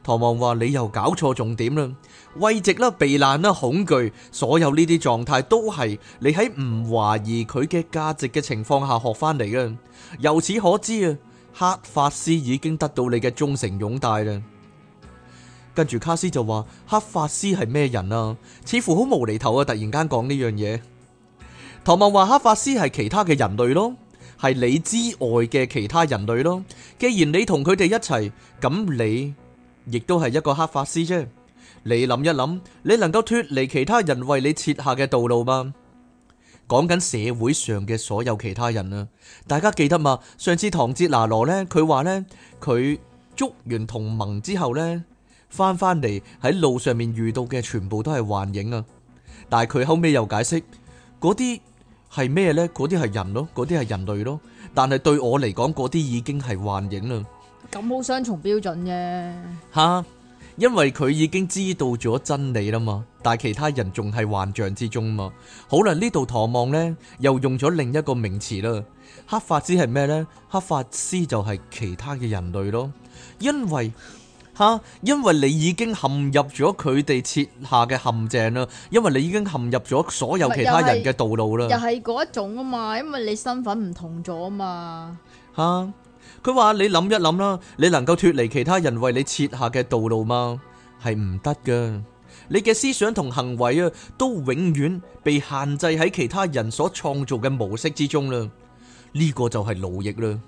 唐望話：你又搞錯重點啦，慰藉啦，避難啦，恐懼，所有呢啲狀態都係你喺唔懷疑佢嘅價值嘅情況下學翻嚟嘅。由此可知啊，黑法師已經得到你嘅忠誠擁戴啦。跟住卡斯就話：黑法師係咩人啊？似乎好無厘頭啊！突然間講呢樣嘢。唐望話：黑法師係其他嘅人類咯。係你之外嘅其他人類囉，既然你同佢哋一齊，咁你亦都係一個黑法師啫。你諗一諗，你能夠脫離其他人為你設下嘅道路嗎？講緊社會上嘅所有其他人。大家記得嗎？上次唐哲拿羅呢，佢話呢，佢捉完同盟之後呢，返返嚟喺路上面遇到嘅全部都係幻影啊，但係佢後尾又解釋嗰啲係咩呢？嗰啲係人咯，嗰啲係人類咯。但係對我嚟講，嗰啲已經係幻影啦。咁好雙重標準啫。吓，因為佢已經知道咗真理啦嘛，但係其他人仲係幻象之中嘛。好啦，呢度唐望呢，又用咗另一個名詞啦。黑法師係咩呢？黑法師就係其他嘅人類咯，因為。吓，因為你已經陷入咗佢哋設下嘅陷阱啦，因為你已經陷入咗所有其他人嘅道路啦，又係嗰一種啊嘛，因為你身份唔同咗啊嘛。吓，佢話你諗一諗啦，你能夠脫離其他人為你設下嘅道路嗎？係唔得㗎，你嘅思想同行為啊，都永遠被限制喺其他人所創造嘅模式之中啦。呢個就係奴役啦。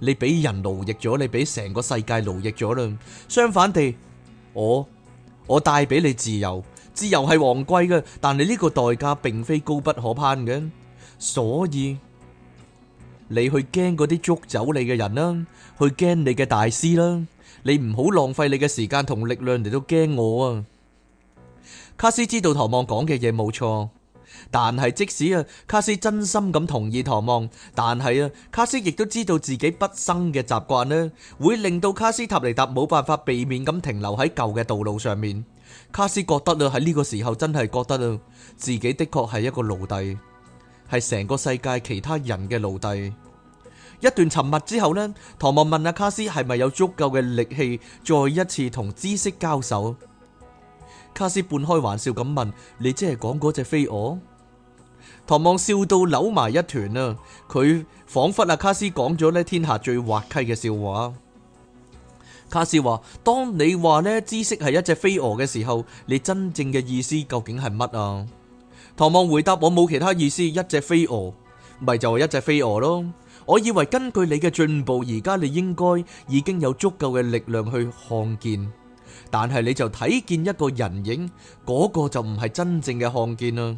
你俾人奴役咗，你俾成個世界奴役咗啦。相反地，我我帶俾你自由，自由係昂貴嘅，但你呢個代價並非高不可攀嘅。所以你去驚嗰啲捉走你嘅人啦，去驚你嘅大師啦，你唔好浪費你嘅時間同力量嚟到驚我啊！卡斯知道唐望講嘅嘢冇錯。但係即使啊，卡斯真心咁同意唐望，但係啊，卡斯亦都知道自己不生嘅習慣呢，會令到卡斯塔尼達冇辦法避免咁停留喺舊嘅道路上面。卡斯覺得啊，喺呢個時候真係覺得啊，自己的確係一個奴隸，係成個世界其他人嘅奴隸。一段沉默之後呢，唐望問阿卡斯係咪有足夠嘅力氣再一次同知識交手？卡斯半開玩笑咁問：「你即係講嗰隻飛蛾？」唐望笑到扭埋一團啊！佢仿佛啊，卡斯講咗呢天下最滑稽嘅笑話。卡斯話：當你話呢知識係一隻飛蛾嘅時候，你真正嘅意思究竟係乜啊？唐望回答：我冇其他意思，一隻飛蛾咪就係一隻飛蛾咯。我以為根據你嘅進步，而家你應該已經有足夠嘅力量去看見，但係你就睇見一個人影，嗰個就唔係真正嘅看見啦。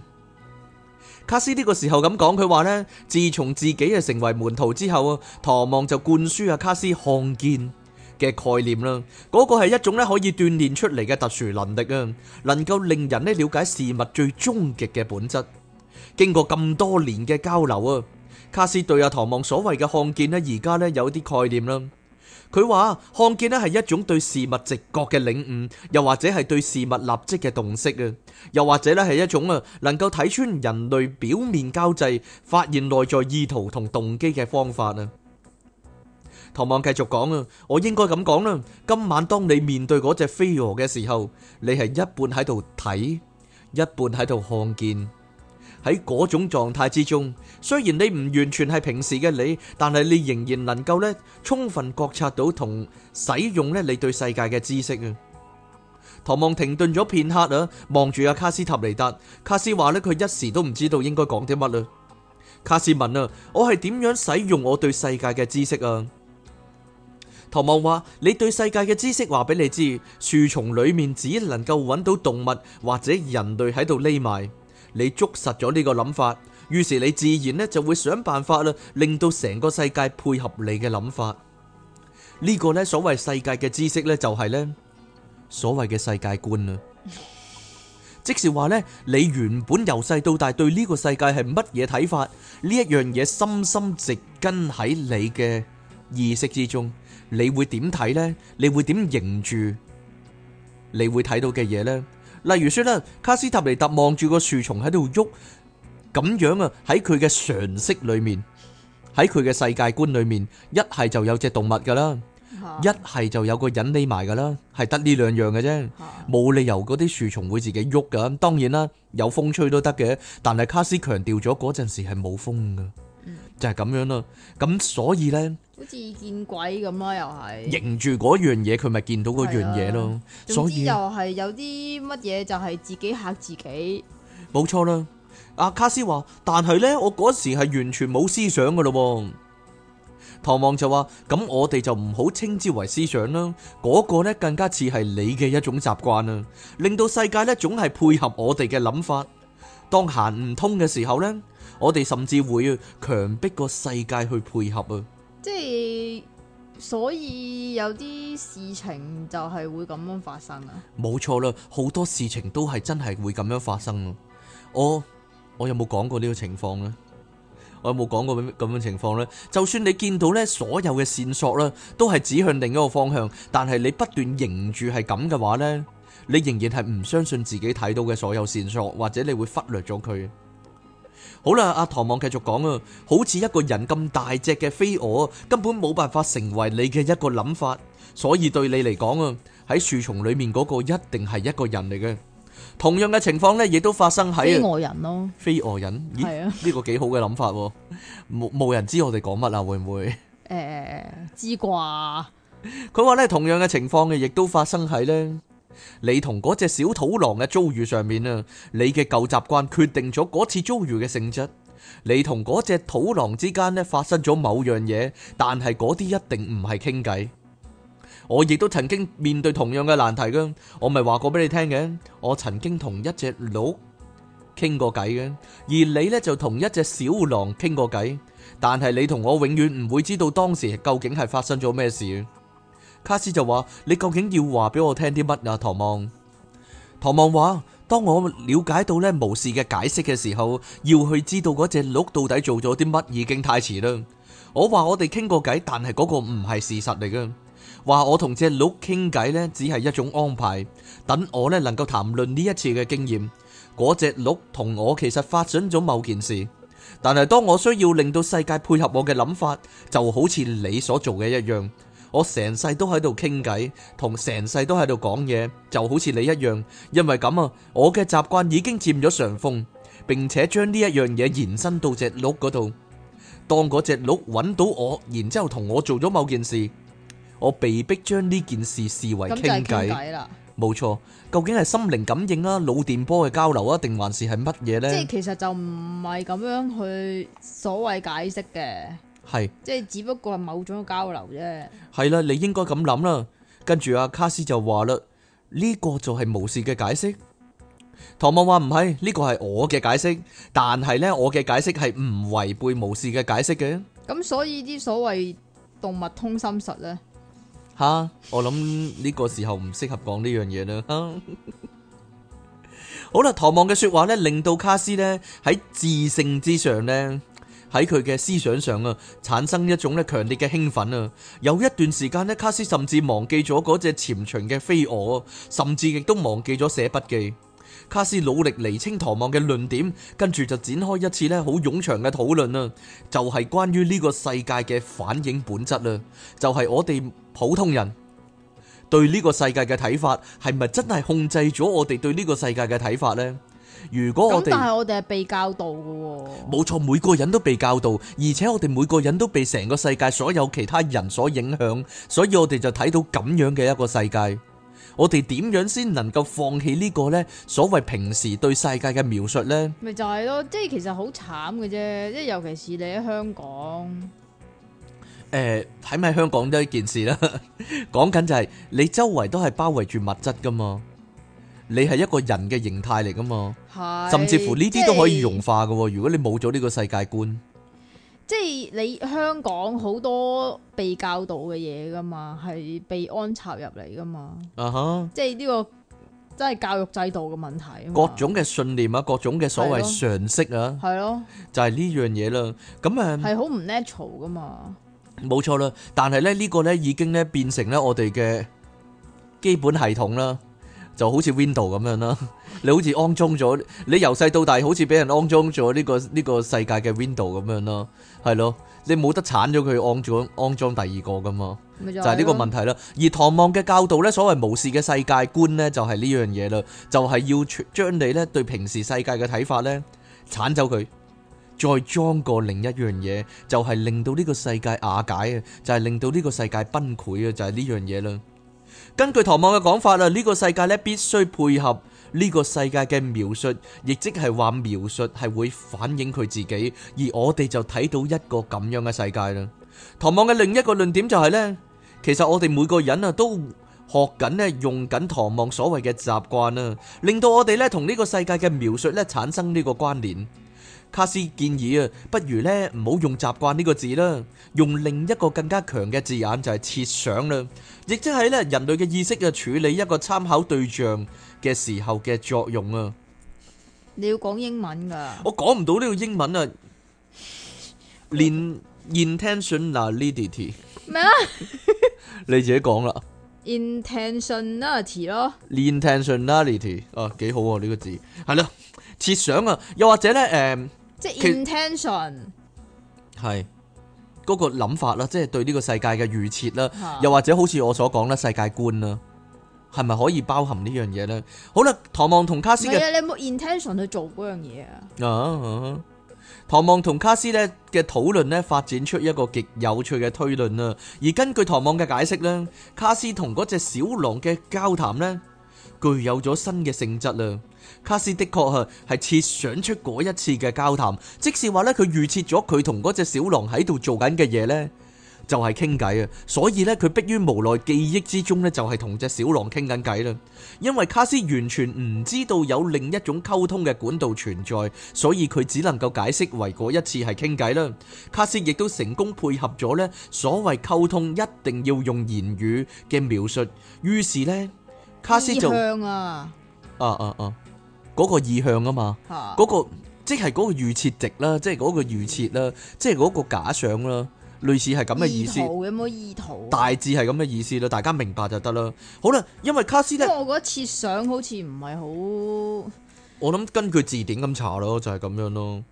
卡斯呢個時候咁講，佢話呢，自從自己啊成為門徒之後啊，唐望就灌輸阿卡斯看見嘅概念啦。嗰個係一種咧可以鍛煉出嚟嘅特殊能力啊，能夠令人咧了解事物最終極嘅本質。經過咁多年嘅交流啊，卡斯對阿唐望所謂嘅看見咧，而家咧有啲概念啦。佢話看見呢係一種對事物直覺嘅領悟，又或者係對事物立即嘅洞悉啊，又或者呢係一種啊能夠睇穿人類表面交際、發現內在意圖同動機嘅方法啊。唐望繼續講啊，我應該咁講啦。今晚當你面對嗰隻飛蛾嘅時候，你係一半喺度睇，一半喺度看見。喺嗰種狀態之中，雖然你唔完全係平時嘅你，但係你仍然能夠咧充分覺察到同使用咧你對世界嘅知識啊。唐望停頓咗片刻啊，望住阿卡斯塔尼達，卡斯話咧佢一時都唔知道應該講啲乜啦。卡斯問啊，我係點樣使用我對世界嘅知識啊？唐望話：你對世界嘅知識，話俾你知，樹叢裏面只能夠揾到動物或者人類喺度匿埋。你捉實咗呢個諗法，於是你自然咧就會想辦法啦，令到成個世界配合你嘅諗法。呢、呢個咧所謂世界嘅知識呢就係呢所謂嘅世界觀啦。 <laughs> 即是話呢，你原本由細到大對呢個世界係乜嘢睇法，呢一樣嘢深深植根喺你嘅意識之中，你會點睇呢？你會點認住？你會睇到嘅嘢呢？例如說啦，卡斯塔尼達望住個樹叢喺度喐，咁樣啊，喺佢嘅常識裏面，喺佢嘅世界觀裏面，一係就有隻動物噶啦，一係就有個人匿埋噶啦，係得呢兩樣嘅啫，冇理由嗰啲樹叢會自己喐噶。當然啦、啊，有風吹都得嘅，但係卡斯強調咗嗰陣時係冇風噶，就係、是、咁樣啦、啊。咁所以呢。好似見鬼咁啦，又係凝住嗰樣嘢，佢咪見到嗰樣嘢咯。總之又係有啲乜嘢就係自己嚇自己。冇錯、啊、啦，阿卡斯話，但係呢，我嗰時係完全冇思想噶咯。唐望就話，咁，我哋就唔好稱之為思想啦。嗰、嗰個呢更加似係你嘅一種習慣啊，令到世界呢總係配合我哋嘅諗法。當行唔通嘅時候呢，我哋甚至會強迫個世界去配合啊。即係，所以有啲事情就係會咁樣發生啊！冇錯啦，好多事情都係真係會咁樣發生咯。我我有冇講過呢個情況咧？我有冇講過咁樣情況咧？就算你見到呢所有嘅線索咧，都係指向另一個方向，但係你不斷認住係咁嘅話呢，你仍然係唔相信自己睇到嘅所有線索，或者你會忽略咗佢。好啦，阿唐望繼續講啊，好似一個人咁大隻嘅飛蛾，根本冇辦法成為你嘅一個諗法，所以對你嚟講啊，喺樹叢裏面嗰個一定係一個人嚟嘅。同樣嘅情況呢，亦都發生喺飛蛾人咯。飛蛾人，咦？係啊，呢個幾好嘅諗法，無冇人知我哋講乜啊？會唔會？誒、欸，知啩？佢話呢，同樣嘅情況嘅，亦都發生喺呢。你同嗰隻小土狼嘅遭遇上面啊，你嘅舊習慣決定咗嗰次遭遇嘅性質。你同嗰隻土狼之間呢，發生咗某樣嘢，但係嗰啲一定唔係傾偈。我亦都曾經面對同樣嘅難題噶，我咪話過俾你聽嘅，我曾經同一隻鹿傾過偈嘅，而你呢就同一隻小狼傾過偈。但係你同我永遠唔會知道當時究竟係發生咗咩事。卡斯就話：你究竟要話俾我聽啲乜啊？唐望，唐望話：當我了解到呢無事嘅解釋嘅時候，要去知道嗰隻鹿到底做咗啲乜，已經太遲啦。我話我哋傾過偈，但係嗰個唔係事實嚟嘅。話我同隻鹿傾偈呢只係一種安排，等我呢能夠談論呢一次嘅經驗。嗰隻鹿同我其實發生咗某件事，但係當我需要令到世界配合我嘅諗法，就好似你所做嘅一樣。我成世都喺度傾偈，同成世都喺度講嘢，就好似你一樣。因為咁啊，我嘅習慣已經佔咗上風，並且將呢一樣嘢延伸到隻鹿嗰度。當嗰隻鹿揾到我，然之後同我做咗某件事，我被迫將呢件事視為傾偈。冇錯，究竟係心靈感應啊，腦電波嘅交流啊，定還是係乜嘢呢？即係其實就唔係咁樣去所謂解釋嘅。係，即係只不過係某種交流啫。係啦，你應該咁諗啦。跟住阿卡斯就話啦，呢個就係巫士嘅解釋。唐望話唔係，呢個係我嘅解釋，但係咧，我嘅解釋係唔違背巫士嘅解釋嘅。咁所以啲所謂動物通心術咧，吓，我諗呢個時候唔適合講呢樣嘢啦。好啦，唐望嘅說話咧，令到卡斯咧喺自信之上咧。喺佢嘅思想上啊，產生一種咧強烈嘅興奮啊！有一段時間咧，卡斯甚至忘記咗嗰隻潛藏嘅飛蛾，甚至亦都忘記咗寫筆記。卡斯努力釐清唐望嘅論點，跟住就展開一次咧好冗長嘅討論啊！就係、是、關於呢個世界嘅反應本質啊！就係、是、我哋普通人對呢個世界嘅睇法，係咪真係控制咗我哋對呢個世界嘅睇法呢？如果我哋咁，但係我哋係被教導嘅喎。冇錯，每個人都被教導，而且我哋每個人都被成個世界所有其他人所影響，所以我哋就睇到咁樣嘅一個世界。我哋點樣先能夠放棄呢個呢？所謂平時對世界嘅描述呢？咪就係咯，即係其實好慘嘅啫，即係尤其是你喺香港。誒，睇咪香港都係一件事啦。講緊就係你周圍都係包圍住物質噶嘛。你係一個人嘅形態嚟噶嘛？係是，甚至乎呢啲都可以融化噶。是如果你冇咗呢個世界觀，即係你香港好多被教導嘅嘢噶嘛，係被安插入嚟噶嘛。啊、uh huh, 即係呢個真係教育制度嘅問題。各種嘅信念啊，各種嘅所謂常識啊，係咯，就係呢樣嘢啦。咁啊，係好唔 natural 噶嘛？冇錯啦，但係咧呢個呢，已經咧變成咧我哋嘅基本系統啦。就好似 Window 咁樣啦，你好似安裝咗，你由細到大好似俾人安裝咗呢個呢個世界嘅 Window 咁樣咯，係咯，你冇得剷咗佢，安裝安裝第二個噶嘛，就係呢個問題啦。 <music> 而唐望嘅教導呢，所謂無視嘅世界觀呢，就係呢樣嘢啦，就係要將你呢對平時世界嘅睇法呢剷走佢，再裝個另一樣嘢，就係令到呢個世界瓦解啊，就係令到呢個世界崩潰啊，就係呢樣嘢啦。根據唐望嘅講法啦，呢、呢個世界咧必須配合呢個世界嘅描述，亦即係話描述係會反映佢自己，而我哋就睇到一個咁樣嘅世界啦。唐望嘅另一個論點就係、係、呢：其實我哋每個人啊都學緊咧用緊唐望所謂嘅習慣啦，令到我哋咧同呢個世界嘅描述咧產生呢個關聯。卡斯建議啊，不如咧唔好用習慣呢個字啦，用另一個更加強嘅字眼就係、是、設想啦，亦即係咧人類嘅意識嘅處理一個參考對象嘅時候嘅作用啊。你要講英文㗎，我講唔到呢個英文啊。Intentionality 咩啊？麼 <laughs> 你自己講啦。Intentionality 咯。Intentionality 啊，幾好啊呢、呢個字，係咯，設想啊，又或者咧誒。呃即係 intention，係嗰、嗰個諗法啦，即係對呢個世界嘅預設啦，啊、又或者好似我所講咧世界觀啦，係咪可以包含呢樣嘢咧？好啦，唐望同卡斯嘅、啊，你有冇 intention 去做嗰樣嘢啊？唐望同卡斯咧嘅討論咧，發展出一個極有趣嘅推論啦。而根據唐望嘅解釋咧，卡斯同嗰隻小狼嘅交談咧，具有咗新嘅性質啦。卡斯的確係，係設想出嗰一次嘅交談，即是話咧，佢預設咗佢同嗰隻小狼喺度做緊嘅嘢呢，就係傾偈啊。所以呢，佢迫於無奈，記憶之中呢，就係同隻小狼傾緊偈啦。因為卡斯完全唔知道有另一種溝通嘅管道存在，所以佢只能夠解釋為嗰一次係傾偈啦。卡斯亦都成功配合咗呢所謂溝通一定要用言語嘅描述，於是呢，卡斯就啊，啊啊啊！嗰個意向啊嘛，嗰個即係嗰個預設值啦，即係嗰個預設啦，即係嗰個假想啦，類似係咁嘅意思。有冇意圖？有冇意圖大致係咁嘅意思啦，大家明白就得啦。好啦，因為卡斯呢，我覺得設想好似唔係好。我諗根據字典咁查咯，就係咁樣咯。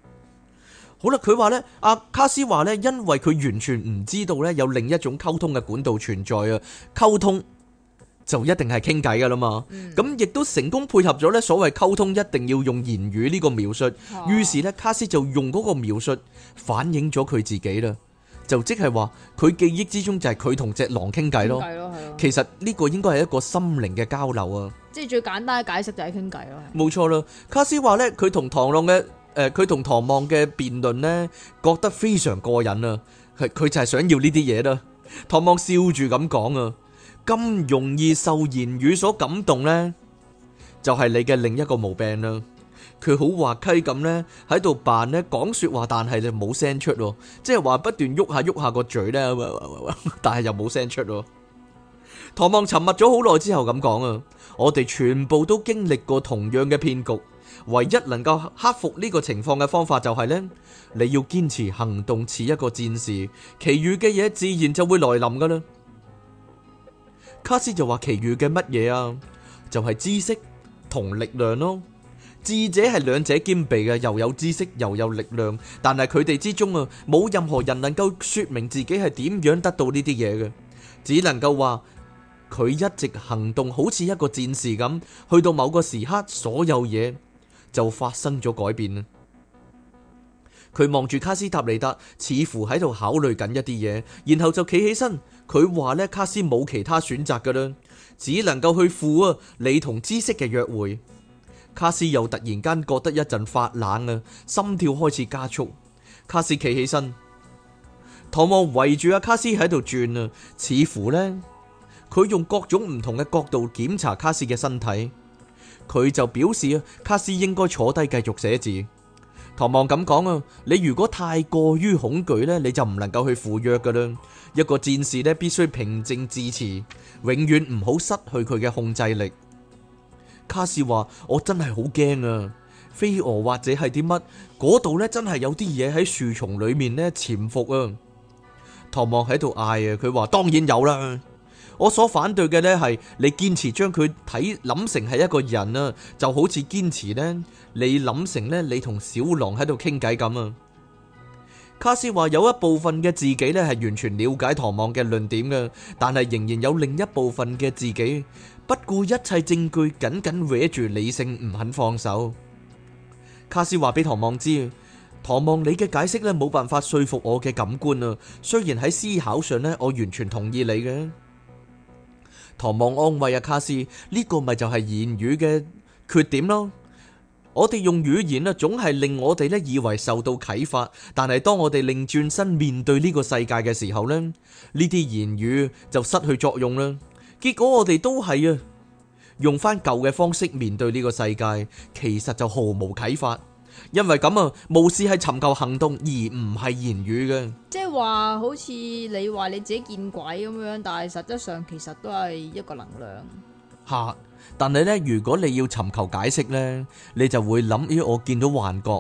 好啦，佢話呢，阿卡斯話呢，因為佢完全唔知道呢，有另一種溝通嘅管道存在啊，溝通。就一定係傾偈㗎啦嘛，咁亦、嗯、都成功配合咗呢所謂溝通一定要用言語呢個描述，於、啊、是呢卡斯就用嗰個描述反映咗佢自己啦，就即係話佢記憶之中就係佢同隻狼傾偈咯，其實呢個應該係一個心靈嘅交流啊，即係最簡單嘅解釋就係傾偈咯，冇錯啦。卡斯話呢，佢同唐浪嘅誒佢同唐望嘅辯論呢，覺得非常過癮啊，佢佢就係想要呢啲嘢啦。唐望笑住咁講啊。咁容易受言語所感動呢，就係你嘅另一個毛病啦。佢好滑稽咁呢，喺度扮呢講說話，但係你冇聲出，即係話不斷喐下喐下個嘴呢， <laughs> 但係又冇聲出。唐望沉默咗好耐之後咁講啊，我哋全部都經歷過同樣嘅騙局，唯一能夠克服呢個情況嘅方法就係呢，你要堅持行動似一個戰士，其餘嘅嘢自然就會來臨噶啦。卡斯就話：其餘嘅乜嘢啊？就係知識同力量咯。智者係兩者兼備嘅，又有知識，又有力量。但係佢哋之中啊，冇任何人能夠說明自己係點樣得到呢啲嘢嘅，只能夠話佢一直行動，好似一個戰士咁。去到某個時刻，所有嘢就發生咗改變。佢望住卡斯塔尼達，似乎喺度考慮緊一啲嘢，然後就企起身。佢話咧，卡斯冇其他選擇噶啦，只能夠去赴啊你同知識嘅約會。卡斯又突然間覺得一陣發冷啊，心跳開始加速。卡斯企起身，唐望圍住阿卡斯喺度轉啊，似乎呢，佢用各種唔同嘅角度檢查卡斯嘅身體。佢就表示卡斯應該坐低繼續寫字。唐望咁講啊，你如果太過於恐懼咧，你就唔能夠去赴約噶啦。一個戰士咧，必須平靜自持，永遠唔好失去佢嘅控制力。卡士話：我真係好驚啊！飛蛾或者係啲乜嗰度咧，真係有啲嘢喺樹叢裏面咧潛伏啊！唐望喺度嗌啊，佢話：當然有啦！我所反對嘅咧係你堅持將佢睇諗成係一個人啊，就好似堅持呢，你諗成呢，你同小狼喺度傾偈咁啊！卡斯話有一部分嘅自己咧，係完全了解唐望嘅論點嘅，但係仍然有另一部分嘅自己不顧一切證據，緊緊搲住理性唔肯放手。卡斯話俾唐望知，唐望你嘅解釋咧冇辦法說服我嘅感官啊，雖然喺思考上咧我完全同意你嘅。唐望安慰阿卡斯，呢個咪就係言語嘅缺點咯。我哋用語言咧，總係令我哋咧以為受到啟發，但係當我哋另轉身面對呢個世界嘅時候咧，呢啲言語就失去作用啦。結果我哋都係啊，用翻舊嘅方式面對呢個世界，其實就毫無啟發。因為咁啊，武士係尋求行動而唔係言語嘅。即係話，好似你話你自己見鬼咁樣，但係實質上其實都係一個能量。吓。但係咧，如果你要尋求解釋咧，你就會諗咦，我見到幻覺，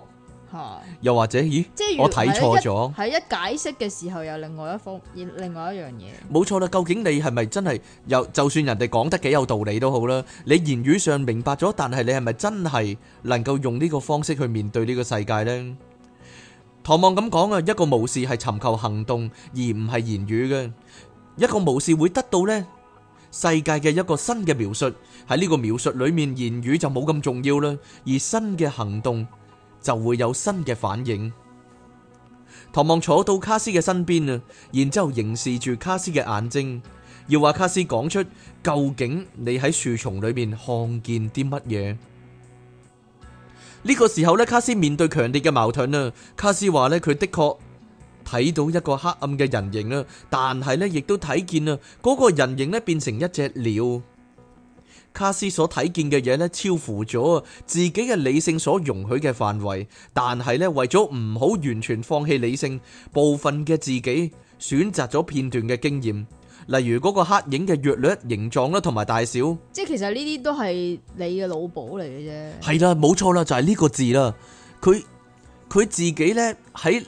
係又或者咦，即係我睇錯咗。係一解釋嘅時候，有另外一方面，而另外一樣嘢。冇錯啦，究竟你係咪真係有？就算人哋講得幾有道理都好啦，你言語上明白咗，但係你係咪真係能夠用呢個方式去面對呢個世界咧？唐望咁講啊，一個武士係尋求行動而唔係言語嘅，一個武士會得到咧。世界嘅一個新嘅描述。喺呢個描述裏面，言語就冇咁重要啦，而新嘅行動就會有新嘅反應。唐望坐到卡斯嘅身邊啊，然之後凝視住卡斯嘅眼睛，要話卡斯講出究竟你喺樹叢裏面看見啲乜嘢？呢個時候呢，卡斯面對強烈嘅矛盾啦。卡斯話呢，佢的確。睇到一個黑暗嘅人形啦，但係咧亦都睇見啦，嗰個人形咧變成一隻鳥。卡斯所睇見嘅嘢咧超乎咗自己嘅理性所容許嘅範圍，但係咧為咗唔好完全放棄理性，部分嘅自己選擇咗片段嘅經驗，例如嗰個黑影嘅約略形狀啦同埋大小。即係其實呢啲都係你嘅腦補嚟嘅啫。係啦，冇錯啦，就係呢個字啦。佢佢自己咧喺。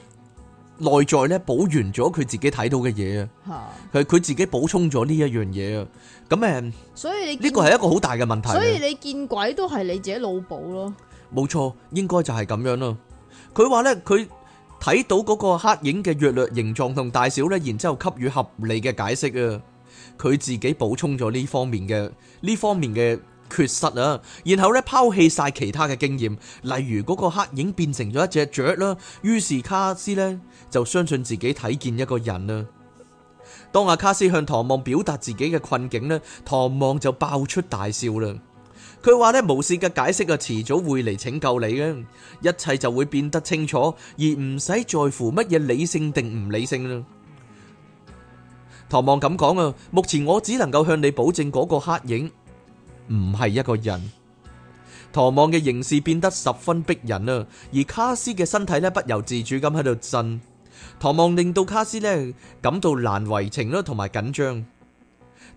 內在咧補完咗佢自己睇到嘅嘢啊，佢佢自己補充咗呢一樣嘢啊，咁誒，所以呢個係一個好大嘅問題。所以你見鬼都係你自己腦補咯，冇錯，應該就係咁樣咯。佢話咧，佢睇到嗰個黑影嘅約略形狀同大小咧，然之後給予合理嘅解釋啊。佢自己補充咗呢方面嘅呢方面嘅缺失啊，然後咧拋棄晒其他嘅經驗，例如嗰個黑影變成咗一隻雀啦，於是卡斯咧。就相信自己睇見一個人啦。當阿卡斯向唐望表達自己嘅困境咧，唐望就爆出大笑啦。佢話咧，無事嘅，解釋啊，遲早會嚟拯救你嘅，一切就會變得清楚，而唔使在乎乜嘢理性定唔理性啦。唐望咁講啊，目前我只能夠向你保證嗰個黑影唔係一個人。唐望嘅形勢變得十分逼人啊，而卡斯嘅身體咧不由自主咁喺度震。唐望令到卡斯呢感到難為情啦，同埋緊張。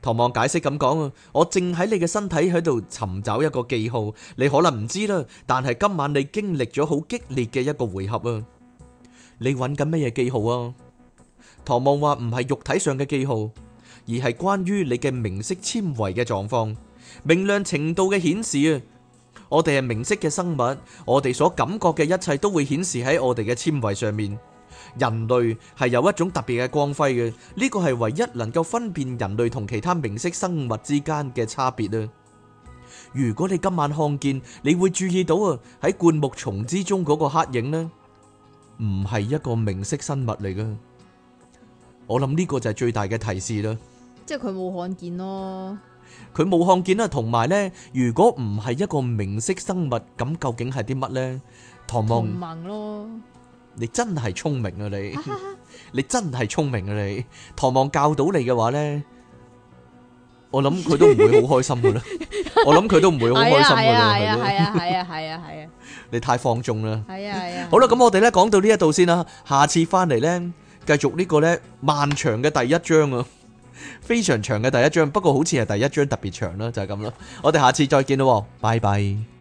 唐望解釋咁講啊，我正喺你嘅身體喺度尋找一個記號。你可能唔知啦，但係今晚你經歷咗好激烈嘅一個回合啊。你揾緊咩嘢記號啊？唐望話唔係肉體上嘅記號，而係關於你嘅明色纖維嘅狀況，明亮程度嘅顯示啊。我哋係明色嘅生物，我哋所感覺嘅一切都會顯示喺我哋嘅纖維上面。人類係有一種特別嘅光輝嘅，呢個係唯一能夠分辨人類同其他明色生物之間嘅差別啦。如果你今晚看見，你會注意到啊喺灌木叢之中嗰個黑影咧，唔係一個明色生物嚟噶。我諗呢個就係最大嘅提示啦。即係佢冇看見咯。佢冇看見啦，同埋咧，如果唔係一個明色生物，咁究竟係啲乜咧？唐夢。夢咯。你真係聰明啊！你，你真係聰明啊！你，唐望教到你嘅話咧，我諗佢都唔會好開心噶啦。我諗佢都唔會好開心噶啦。係啊係啊係啊係啊係啊！你太放縱啦。係啊係啊。好啦，咁我哋咧講到呢一度先啦。下次翻嚟咧，繼續呢個咧漫長嘅第一章啊，非常長嘅第一章。不過好似係第一章特別長啦，就係咁啦。我哋下次再見啦，拜拜。